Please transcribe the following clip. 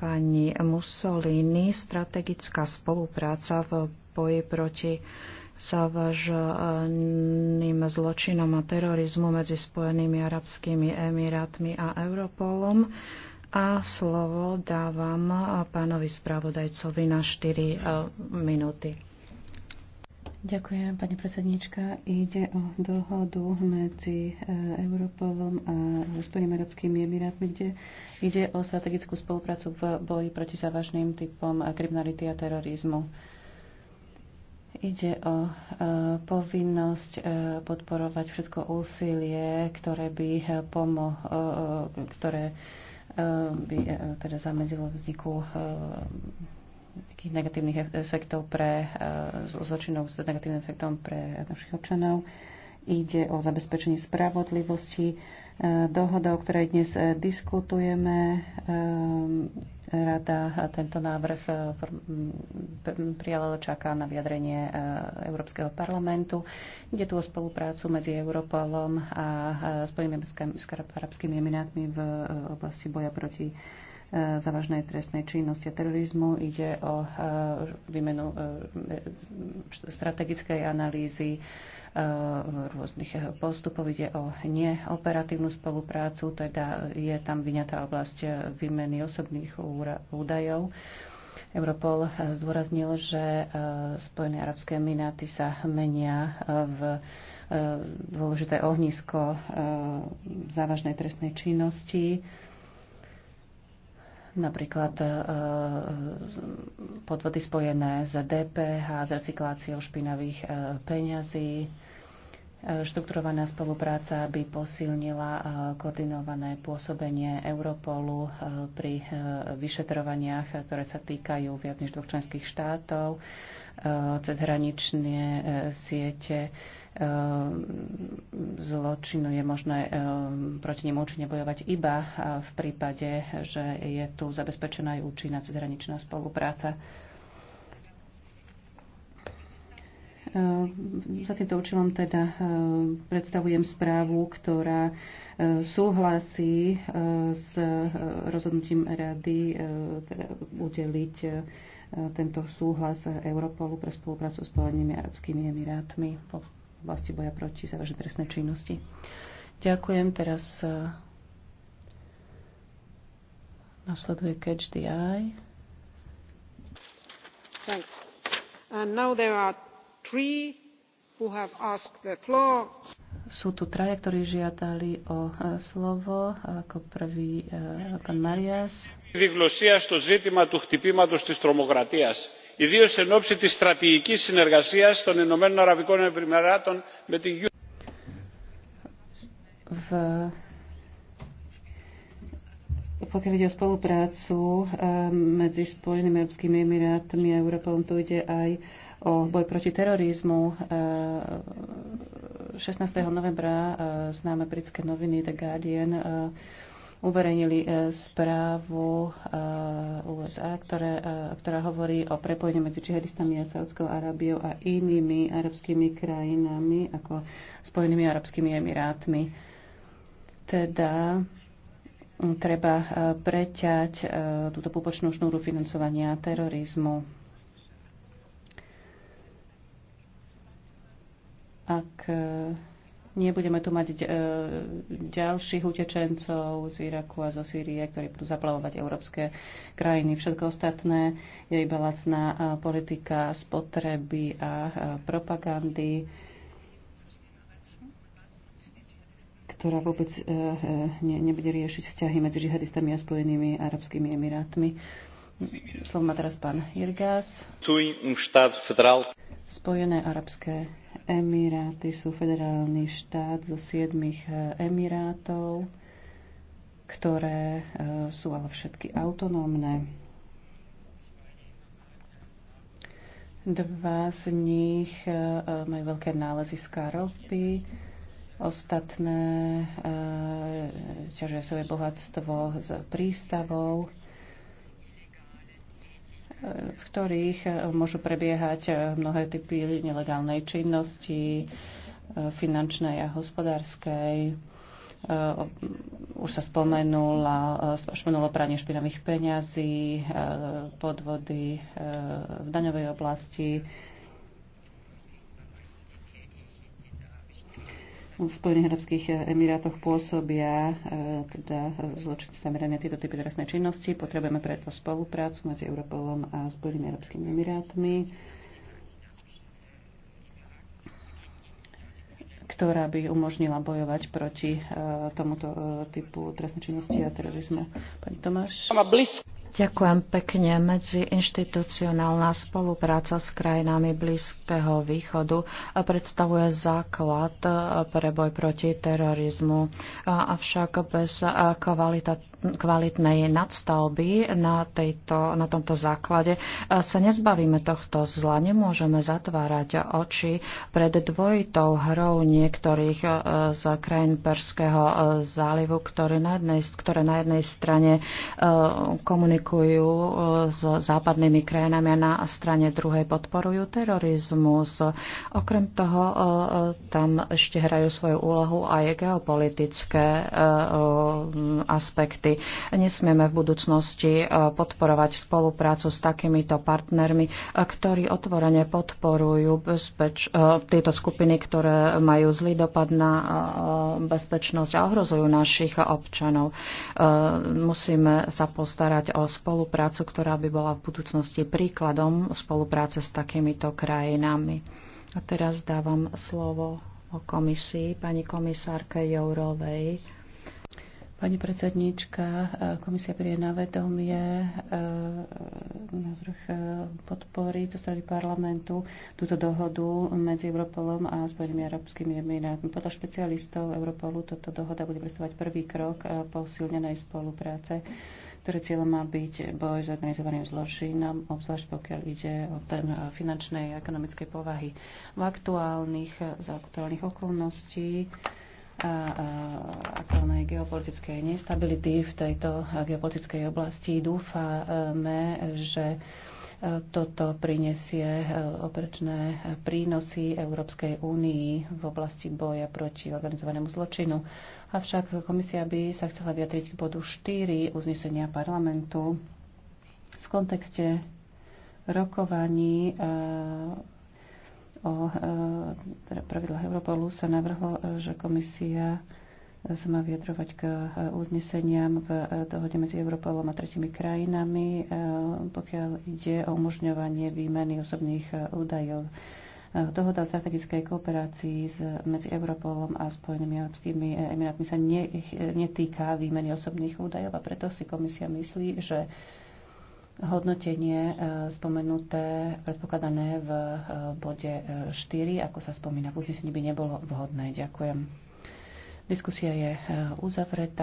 pani Mussolini, strategická spolupráca v boji proti závažným zločinom a terorizmu medzi Spojenými arabskými emirátmi a Europolom. A slovo dávam pánovi spravodajcovi na 4 e, minúty. Ďakujem, pani predsednička. Ide o dohodu medzi e, Európovom a Spojenými Európskymi Emirátmi, kde ide o strategickú spoluprácu v boji proti závažným typom kriminality a terorizmu. Ide o e, povinnosť e, podporovať všetko úsilie, ktoré by pomo, ktoré by teda zamedzilo vzniku takých negatívnych efektov pre e, zločinov s negatívnym efektom pre našich občanov. Ide o zabezpečenie spravodlivosti. E, dohoda, o ktorej dnes e, diskutujeme, rada tento návrh prijala, čaká na vyjadrenie Európskeho parlamentu. Ide tu o spoluprácu medzi Europolom a Spojenými arabskými eminátmi v oblasti boja proti Eh, závažnej trestnej činnosti a terorizmu. Ide o eh, výmenu eh, strategickej analýzy rôznych postupov, ide o neoperatívnu spoluprácu, teda je tam vyňatá oblasť výmeny osobných údajov. Europol zdôraznil, že Spojené arabské emiráty sa menia v dôležité ohnisko závažnej trestnej činnosti napríklad e, podvody spojené s DPH, s recykláciou špinavých e, peňazí, Štrukturovaná spolupráca by posilnila eh, koordinované pôsobenie Europolu eh, pri eh, vyšetrovaniach, ktoré sa týkajú viac než dvoch členských štátov, cezhraničné siete zločinu je možné proti nemu účinne bojovať iba v prípade, že je tu zabezpečená aj účinná cezhraničná spolupráca. E, za týmto účelom teda e, predstavujem správu, ktorá e, súhlasí s rozhodnutím rady teda udeliť tento súhlas Europolu pre spoluprácu s Spojenými arabskými emirátmi v oblasti boja proti závažnej trestnej činnosti. Ďakujem. Teraz nasleduje Catch the Eye. Thanks. And now there are sú tu traja, ktorí žiadali o slovo. Ako prvý pán Marias. Η διγλωσία στο ζήτημα του χτυπήματος της τρομοκρατίας, ιδίως εν ώψη της στρατηγικής συνεργασίας των Ηνωμένων Αραβικών Εμμυράτων με την v pokiaľ ide o spoluprácu medzi Spojenými Európskymi Emirátmi a Európou, tu ide aj o boj proti terorizmu. 16. E, novembra e, známe britské noviny The Guardian e, uverejnili správu USA, ktoré, ktorá hovorí o prepojení medzi džihadistami a Saudskou Arábiou a inými arabskými krajinami ako Spojenými arabskými emirátmi. Teda treba preťať túto pupočnú šnúru financovania terorizmu. Ak e, nebudeme tu mať e, ďalších utečencov z Iraku a zo Sýrie, ktorí budú zaplavovať európske krajiny. Všetko ostatné je iba lacná e, politika spotreby a propagandy, ktorá vôbec nebude riešiť vzťahy medzi žihadistami a Spojenými arabskými emirátmi. Slovo má teraz pán Irgas. Spojené arabské Emiráty sú federálny štát zo siedmých eh, emirátov, ktoré eh, sú ale všetky autonómne. Dva z nich eh, majú veľké náleziska ropy, ostatné ťažia svoje bohatstvo z prístavov v ktorých e, môžu prebiehať e, mnohé typy nelegálnej činnosti, e, finančnej a hospodárskej. Už sa spomenula, spomenulo pranie špinavých peňazí, podvody v daňovej oblasti, v Spojených arabských emirátoch pôsobia e, teda zločinci zamerané tieto typy trestnej činnosti. Potrebujeme preto spoluprácu medzi Europolom a Spojenými arabskými emirátmi, ktorá by umožnila bojovať proti e, tomuto e, typu trestnej činnosti a terorizmu. Pani Tomáš. Ďakujem pekne. Medziinštitucionálna spolupráca s krajinami Blízkeho východu predstavuje základ pre boj proti terorizmu. Avšak bez kvalitatívneho kvalitnej nadstavby na, tejto, na tomto základe sa nezbavíme tohto zla. Nemôžeme zatvárať oči pred dvojitou hrou niektorých e, z krajín Perského e, zálivu, ktoré na jednej, ktoré na jednej strane e, komunikujú s západnými krajinami a na strane druhej podporujú terorizmus. Okrem toho tam ešte hrajú svoju úlohu aj geopolitické aspekty štáty. Nesmieme v budúcnosti e, podporovať spoluprácu s takýmito partnermi, e, ktorí otvorene podporujú bezpeč- e, tieto skupiny, ktoré majú zlý dopad na bezpečnosť a ohrozujú našich občanov. Musíme sa postarať o spoluprácu, ktorá by bola v budúcnosti príkladom spolupráce s takýmito krajinami. A teraz dávam slovo o komisii pani komisárke Jourovej. Pani predsedníčka, e, komisia navedomie na druh e, e, podpory zo strany parlamentu túto dohodu medzi Europolom a Spojenými arabskými emirátmi. Podľa špecialistov Europolu toto dohoda bude predstavovať prvý krok posilnenej spolupráce, ktoré cieľom má byť boj s organizovaným zločinom, obzvlášť pokiaľ ide o ten finančnej a ekonomickej povahy. V aktuálnych, za aktuálnych okolností a, a politickej nestability v tejto geopolitickej oblasti. Dúfame, že e, toto prinesie e, operačné prínosy Európskej únii v oblasti boja proti organizovanému zločinu. Avšak komisia by sa chcela vyjadriť k bodu 4 uznesenia parlamentu v kontekste rokovaní e, o teda pravidlách Europolu sa navrhlo, že komisia sa má vyjadrovať k e, uzneseniam v e, dohode medzi Európolom a tretimi krajinami, e, pokiaľ ide o umožňovanie výmeny osobných údajov. Dohoda o strategickej kooperácii s, medzi Europolom a Spojenými arabskými emirátmi sa ne, netýka výmeny osobných údajov a preto si komisia myslí, že hodnotenie spomenuté, predpokladané v bode 4, ako sa spomína v uznesení, by nebolo vhodné. Ďakujem. Diskusia je eh, uzavretá.